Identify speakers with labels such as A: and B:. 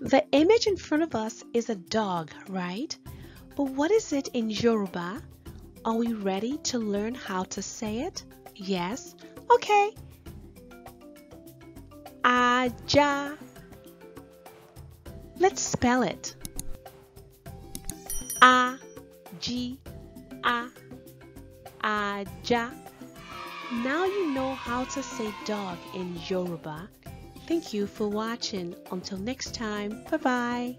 A: The image in front of us is a dog, right? But what is it in Yoruba? Are we ready to learn how to say it? Yes? Okay. Aja. Let's spell it. A G A Aja. Now you know how to say dog in Yoruba Thank you for watching. Until next time, bye bye.